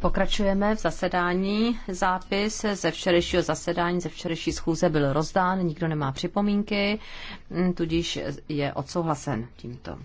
Pokračujeme v zasedání. Zápis ze včerejšího zasedání, ze včerejší schůze byl rozdán, nikdo nemá připomínky, tudíž je odsouhlasen tímto.